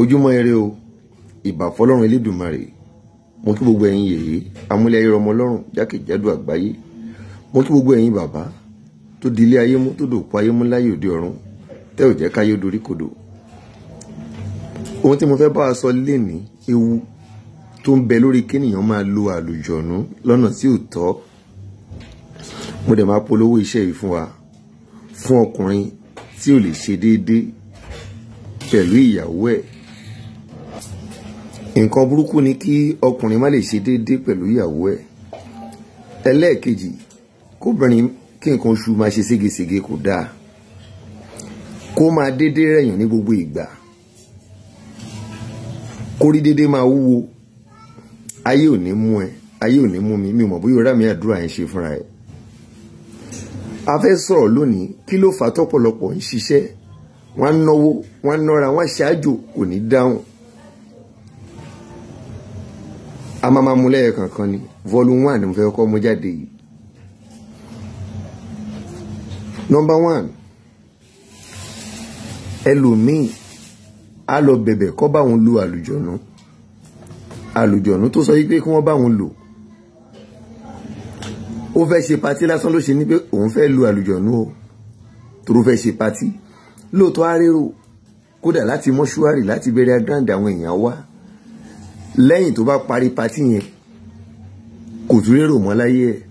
ojúmọ́ ire o ìbà fọ́lọ́run elédùnmarè mo kí gbogbo ẹ̀yin yèyé amúlẹ̀ ayé ọmọ ọlọ́run jákèjádò àgbáyé mo kí gbogbo ẹ̀yin bàbá tó di ilé ayé mú tó dòpò ayé mú láyé òde ọ̀run tẹ́ ò jẹ́ káyé dorí kodò ohun tí mo fẹ́ bá a sọ lénìí ewu tó ń bẹ lórí kéèyàn máa lo àlùjọ̀nú lọ́nà tí ò tọ́ mo dẹ̀ máa polówó iṣẹ́ yìí fún wa fún ọkùnrin tí ò lè ṣe déédéé pẹ̀lú ìyàwó ẹ̀ nǹkan burúkú ni kí ọkùnrin má lè ṣe déédéé pẹ̀lú ìyàwó ẹ̀ ẹlẹ́ẹ̀kejì kóbìnrin kí nǹkan oṣù máa ṣe ségesège kò dáa kó máa déédéé rẹ̀yàn ní gbogbo ìgbà kórí déédéé máa wúwo ayé ò ní mú ẹ ayé ò ní mú mi mi ò mọ̀ bóyá ọ̀rá mi àdúrà yẹn ṣe fúnra ẹ̀ a fẹ́ sọ̀rọ̀ lónìí kí ló fà á tọ́pọ̀lọpọ̀ ń ṣiṣẹ́ wọ́n á náwó wọ́n á nọ́ra wọ́n á ṣáájò kò ní dáhùn a máa máa mú lẹ́yìn kankan ni volume one ni mo fẹ́ kọ́ mú jáde yìí number one ẹlòmíì á lọ bẹ̀bẹ̀ kọ́ bá òun lu àlùjọ̀nù àlùjọ̀nù tó sọ yí pé kí wọ́n bá òun lò ó fẹ́ ṣe patí lásán ló ṣe ní pé òun fẹ́ lu àlùjọ̀nù o tòró fẹ́ ṣe patí lóòótọ́ arérò kódà láti mọ́ṣúárì láti bẹ̀rẹ̀ agrand àwọn èèyàn wá lẹ́yìn tó bá parí patí yẹn kò tún lérò mọ́ láyé ẹ̀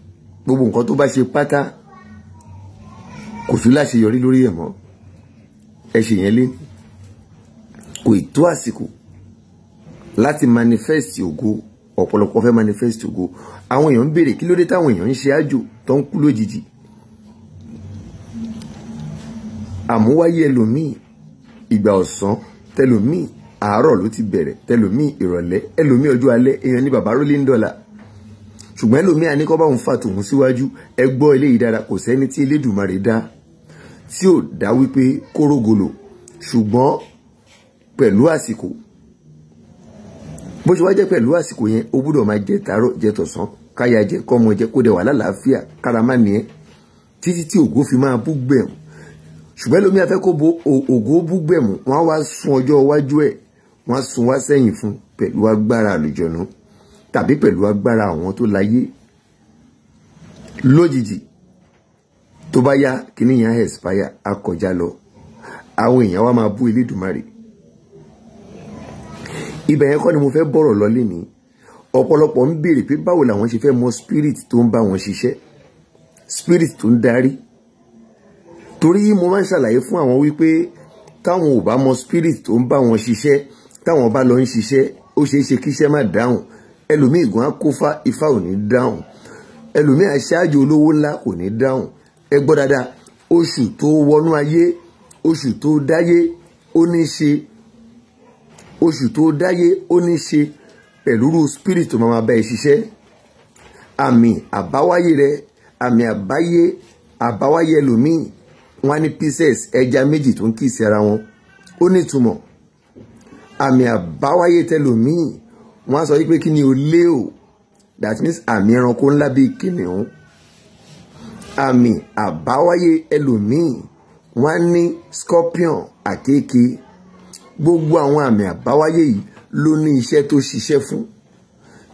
gbogbo nǹkan tó bá ṣe pátá kò tún láṣeyọrí lórí ẹ̀ mọ́ ẹ ṣe yẹn lé kò ì tó àsìkò láti manifest ògo ọ̀pọ̀lọpọ̀ fẹ́ manifest ògo àwọn èèyàn ń béèrè kí ló dé táwọn èèyàn ń ṣe àjò tó ń kú lójijì àmúwáyé ẹlòmíì ìgbà ọ̀sán tẹlòmíì àárọ̀ ló ti bẹ̀rẹ̀ tẹlòmíì ìrọ̀lẹ́ ẹlòmíì ọjọ́ alẹ́ èèyàn ní bàbá rolling dollar ṣùgbọ́n ẹlòmíì àní kọ́ bá òun fà tòun síwájú ẹ gbọ́ eléyìí dára kò sẹ́ni tí Elédùmarè dá tí ò dá wípé kórógolo ṣùgbọ́n pẹ̀lú àsìkò bó ṣe wá jẹ́ pẹ̀lú àsìkò yẹn ó gbúdọ̀ máa jẹ tàárọ̀ jẹ tọ̀sán káyà jẹ kọ́mọ jẹ kó dẹ̀ wà lálàáfíà káramá nìyẹn títí tí ògo fi máa bú gbẹ̀mù ṣùgbọ́n ẹlòmíì afẹ́ bo ògo bú gbẹ̀mù wọ́n á wá sun ọjọ́ iwájú ẹ̀ wọ́n á sun wá sẹ́yìn fún pẹ̀lú agbára àlùjọ̀nù tàbí pẹ̀lú agbára àwọn tó láyé lójijì tó bá yá kíní yẹn expire á kọjá lọ àwọn èèyàn wa máa bú Elédùmarè ibẹ̀ yẹn kọ́ ni mo fẹ́ bọ̀rọ̀ lọ lénìí ọ̀pọ̀lọpọ̀ ń béèrè pé báwo làwọn ṣe fẹ́ mọ spirit tó ń bá wọn ṣiṣẹ́ spirit tó ń darí torí mo máa ń ṣàlàyé fún àwọn wípé táwọn ò bá mọ spirit tó ń bá wọn ṣiṣẹ́ táwọn bá lọ ń ṣiṣẹ́ ó ṣeé ṣe kí iṣẹ́ má dáhùn ẹlòmíì ìgùn á kó fa ifá ò ní dáhùn ẹlòmíì aṣáájú olówó ńlá kò ní dáhùn ẹ gbọ́ dáadáa oṣù tó wọnú ayé oṣù tó dáyé ó ní ṣe oṣù tó dáyé ó ní ṣe pẹ̀lúrú spirit tó máa bá ẹ ṣiṣẹ́ àmì àbáwáyé rẹ àmì àbáyé àbáwáyé ẹlòmíì wọn á ní pieces ẹja méjì tó ń kì í wọn ó nítumọ̀ àmì àbáwáyé tẹlòmíì wọ́n á sọ wípé kí ni o lé o that means àmì ẹranko ńlá bíi kìnìún àmì àbáwáyé ẹlòmíì wọ́n ní scorpion àkekè gbogbo àwọn àmì àbáwáyé yìí ló ní iṣẹ́ tó ṣiṣẹ́ fún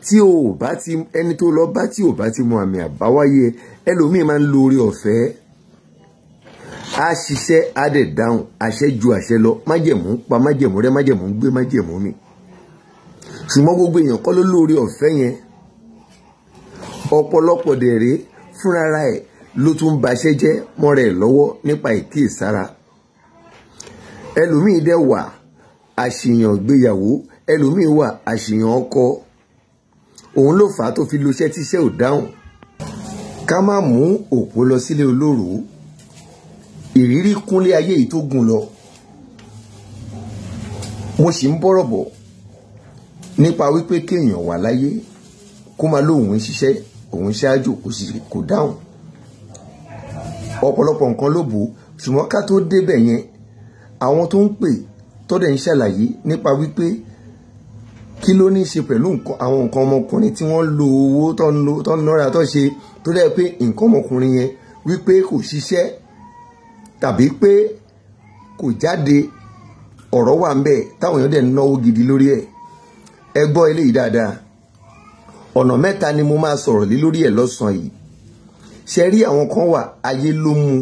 tí o bá ti ẹni tó lọ bá tí o bá ti mọ àmì àbáwáyé ẹlòmíì máa ń lo oore ọ̀fẹ́ á ṣiṣẹ́ á dẹ̀ dáhùn àṣẹ ju àṣẹ lọ májẹ̀mú pa májẹ̀mú rẹ májẹ̀mú gbé májẹ̀mú mi ṣùgbọ́n gbogbo èèyàn kọ́ ló lóore ọ̀fẹ́ yẹn ọ̀pọ̀lọpọ̀ dẹ̀ rèé fúnra ẹ̀ ló tún baṣẹ́ jẹ́ mọ́ra ẹ̀ lọ́wọ́ nípa ìkíyèsára ẹlòmíì dẹ̀ wà àṣìyàn gbéyàwó ẹlòmíì wà àṣìyàn ọkọ òun ló fà á tó fi lo iṣẹ́ tíṣẹ́ ò dáhùn ká má mú òpó lọ sílé olóró ìrírí kúnlé ayé yìí tó gùn lọ mo sì ń bọ̀rọ̀ bọ̀ nípa wípé kéèyàn wà láyé kó máa lóun ṣiṣẹ́ òun ṣáájú kò sì kò dáhùn ọ̀pọ̀lọpọ̀ nǹkan ló bò ó ṣùgbọ́n ká tó débẹ̀ yẹn àwọn tó ń pè tọ́dẹ̀ ń ṣàlàyé nípa wípé kí ló ní í ṣe pẹ̀lú àwọn nǹkan ọmọkùnrin tí wọ́n lo owó tó ń nára tó ṣe tó dẹ́ pé nǹkan ọmọkùnrin yẹn wípé kò ṣiṣẹ́ tàbí pé kò jáde ọ̀rọ̀ wà ń bẹ̀ táwọn èèyàn dẹ̀ ń náwó gidi lórí ẹ̀ ẹ gbọ́ eléyìí dáadáa ọ̀nà mẹ́ta ni mo máa sọ̀rọ̀ lé lórí ẹ̀ lọ́sàn-án yìí ṣe rí àwọn kan wà ayé ló mú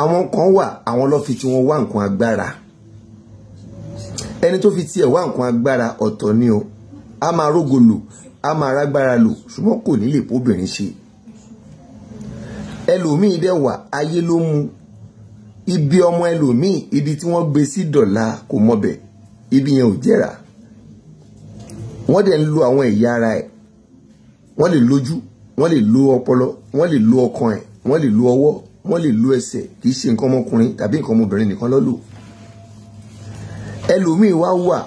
àwọn kan wà àwọn ló fi tiwọn wá nǹkan agbára ẹni tó fi tiẹ̀ wá nǹkan agbára ọ̀tọ̀ ni o a máa rógò lò a máa rágbára lò ṣùgbọ́n kò ní lè bóbìnrin ṣe ẹlòmíì dẹ̀ wà ayé ló mú ibi ọmọ ẹlòmíì ibi tí wọ́n gbé sí dọ̀la kò mọbẹ̀ ibi yẹn ò jẹ́ra wọ́n dẹ̀ ń lo àwọn ẹ̀yà ara ẹ̀ wọ́n lè lójú wọ́n lè lo ọpọlọ wọ́n lè lo ọkàn ẹ̀ wọ́n lè lo ọwọ́ wọ́n lè lo ẹsẹ̀ kì í ṣe nǹkan ọmọkùnrin tàbí nǹkan ọmọbìnrin nìkan ló ẹlòmíì wá wà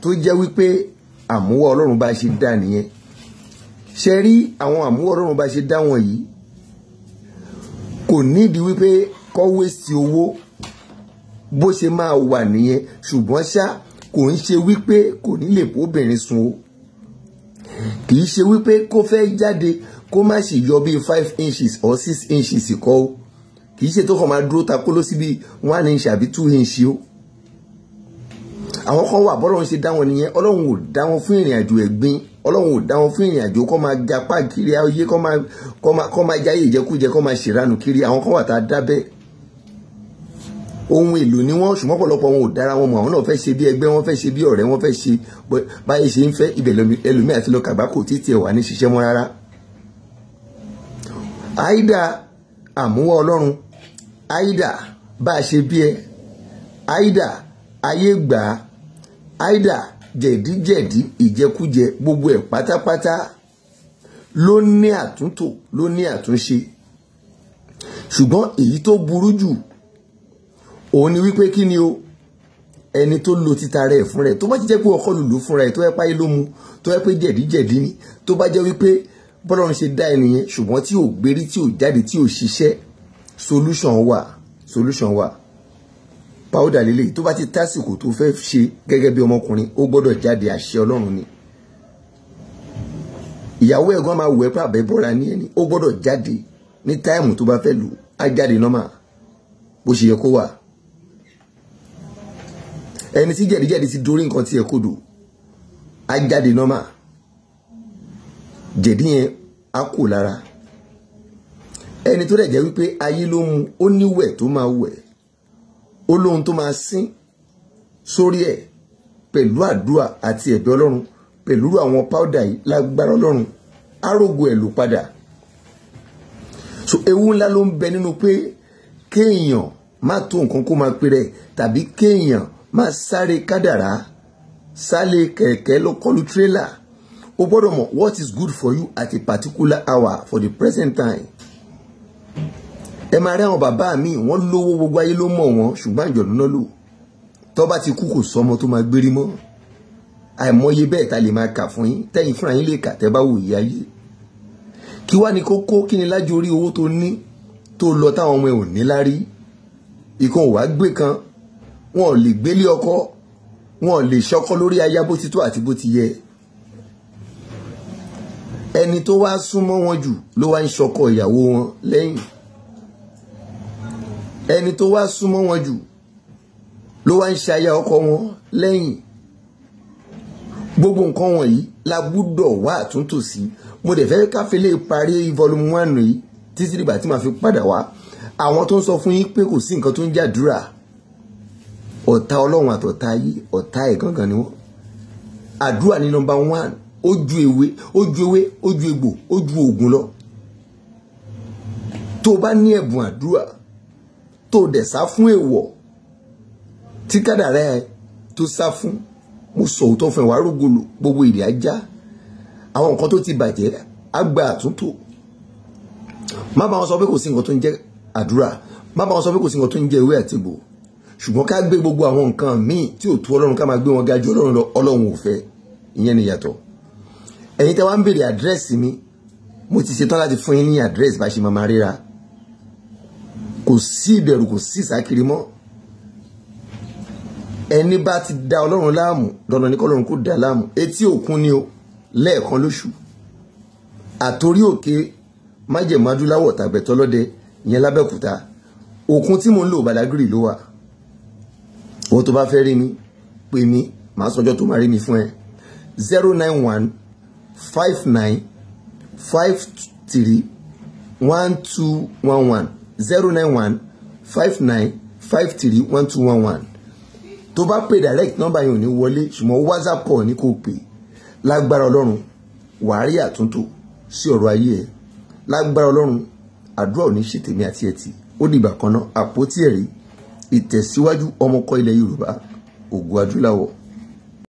tó jẹ́ wípé àmúwá ọlọ́run bá ṣe dá nìyẹn ṣe rí àwọn àmúwá ọlọ́run bá ṣe dá wọn yìí kò nídìí wípé kọ́wé sí owó bó ṣe máa wà nìyẹn ṣùgbọ́n ṣá kò ń ṣe wípé kò ní lè bóbìnrin sùn o kì í ṣe wípé kó fẹ́ jáde kó má sì yọ bíi five inches or six inches kọ́ o kì í ṣe tó kàn máa dúró ta kó ló one inch àbí two inch o àwọn kan wà bọ́lọ́run ṣe dá wọn nìyẹn ọlọ́run ò dá wọn fún ìrìn àjò ẹ̀gbin ọlọ́run ò dá wọn fún ìrìn àjò kọ́ máa japa kiri ayé kọ́ máa jáyé ìjẹkújẹ kọ́ máa ṣèrànù kiri àwọn kan wà tá a dábẹ́ ohun èlò ni wọ́n ṣùgbọ́n ọ̀pọ̀lọpọ̀ wọn ò dára wọn mọ̀ àwọn náà fẹ́ ṣe bí ẹgbẹ́ wọn fẹ́ ṣe bí ọ̀rẹ́ wọn fẹ́ ṣe báyìí ṣe ń fẹ́ ibẹ̀ ẹlòmíì àti lọ́ọ́ kàgbá kò tí wà ní ṣiṣẹ́ mọ́ rárá. àìdá àmúwá ọlọ́run àìdá bá a ṣe bí ẹ àìdá ayé gbà àìdá jẹ̀díjẹ̀dí ìjẹkújẹ gbogbo ẹ̀ pátápátá ló ní àtúntò ló ní àtúnṣe ṣùgbọ́n èyí tó burú jù òun ni wípé kí ni o ẹni tó lo títa rẹ̀ fún rẹ̀ tó bá jẹ́ pé ọkọ lùlù fúnra ẹ̀ tó yẹ páyé ló mu tó yẹ pé jẹ̀díjẹ̀dí ni tó bá jẹ́ wípé bọ́lá ń ṣe dá ẹnìyẹn ṣùgbọ́n tí ò gbérí tí ò jáde tí ò ṣiṣẹ́ solution wà solution wà pàódà lélẹ̀ tó bá ti tásìkò tó fẹ́ ṣe gẹ́gẹ́ bí ọmọkùnrin ó gbọ́dọ̀ jáde àṣẹ ọlọ́run ni ìyàwó ẹ̀gbọ́n máa wẹ̀ pàbẹ bọ́ra ní ẹni ó gbọ́dọ̀ jáde ní táìmù tó bá fẹ́ lù á jáde nọ́mà bó ṣe yẹ kó wà ẹni tí jẹ̀díjẹ̀dí ti dorí nǹkan tí ẹ á jáde nọ́mà jẹ̀dí yẹn á kò lára ẹni tó dẹ̀ jẹ́ wípé ayé ló mu ó níwẹ̀ tó máa wẹ̀ ó lóhun tó máa sín sórí ẹ̀ pẹ̀lú àdúrà àti ẹ̀bẹ̀ ọlọ́run pẹ̀lú àwọn páódà yìí lágbára ọlọ́run arógo ẹ̀ ló padà so ewu ńlá ló ń bẹ nínú pé kéèyàn má tó nǹkan kó máa pèrè tàbí kéèyàn má sáré kádàrá sálé kẹ̀kẹ́ ló tírélà o gbọ́dọ̀ mọ̀ what is good for you at a particular hour for the present time ẹ máa rí àwọn bàbá mi wọ́n lówó gbogbo ayé ló mọ̀ wọ́n ṣùgbọ́n àjọ̀lú náà lò tó bá ti kú kò sọmọ tó máa gbérí mọ́ àìmọye bẹ́ẹ̀ ta lè máa kà fún yín tẹ́yìn fúnra yín lè kà tẹ́ bá wò yí ayé kí wá ní kókó kí ni lájú orí owó tó ní tó lọ táwọn ọmọ ẹ ò ní lárí ìkan ò wá gbé kan wọn ò lè gbélé ọkọ wọn ò lè ṣọkọ lórí aya bó ti tó àti bó ti yẹ ẹni tó wá súnmọ́ wọn jù ló wá ń ṣọkọ ìyàwó wọn lẹ́yìn ẹni tó wá súnmọ́ wọn jù ló wá ń ṣe aya ọkọ wọn lẹ́yìn gbogbo nǹkan wọ̀nyí la gbúdọ̀ wá àtúntò sí mo dẹ̀ fẹ́ káfílẹ̀ parí volume one yìí títí dìgbà tí màá fi padà wá àwọn tó ń sọ fún yín pé kò sí nǹkan tó ń jàdúrà ọ̀tá ọlọ́run àtọ̀tá yìí ọ̀tá ẹ̀ ni wọ́n àdúrà ní nọmba one ojú ewé ojú ewé ojú egbò ojú oògùn lọ tó o bá ní ẹ̀bùn àdúrà tó dẹ̀ sá fún èèwọ̀ tí kádàrá ẹ tó sá fún mo sọ òótọ́ fún ẹ wàá rògbòlò gbogbo èrè ajá àwọn nǹkan tó ti bàjẹ́ á gba àtúntò má bá wọn sọ pé kò sí nǹkan tó ń jẹ́ àdúrà má bá wọn sọ pé kò sí nǹkan tó ń jẹ́ ewé àti ìbò ṣùgbọ́n ká gbé gbogbo àwọn nǹkan míì tí ò tó ọlọ́run ká máa gbé wọn ga ọlọ́run lọ ọlọ́run ò fẹ́ ìyẹn ni yàtọ̀ ẹ̀yin tẹ́ wá ń béèrè àdírẹ́sì mi mo ti ṣetán láti fún yín ní àdírẹ́sì bá ṣe máa máa ríra kò sí ìbẹ̀rù kò sí ìsákiri mọ́ ẹni bá ti da ọlọ́run láàmú dandan ní kọ́lọ́run kò dá láàmú etí òkun ni o lẹ́ẹ̀kan lóṣù àtòrí òkè májèmádúláwọ̀ tàbẹ̀tọ́lọ́dẹ yẹn lábẹ́òkúta òkun tí mò ń lò Badagry ló wà wọ́n tó bá fẹ́ rí mi pè mí màá sọjọ́ tó máa rí mi fún ẹ zero nine one five nine five three one two one one zero nine one five nine five three one two one one tó bá pè direct number yẹn ò ní wọlé ṣùgbọ́n whatsapp call ni kò pè lágbára ọlọ́run wàá rí àtúntò sí ọ̀rọ̀ ayé ẹ̀ lágbára ọlọ́run àdúrà ò ní ṣe tèmi àti ẹ̀tì ó dìgbà kan náà àpótí ẹ̀rí ìtẹ̀síwájú ọmọkọ ilẹ̀ yorùbá ògo adúláwọ̀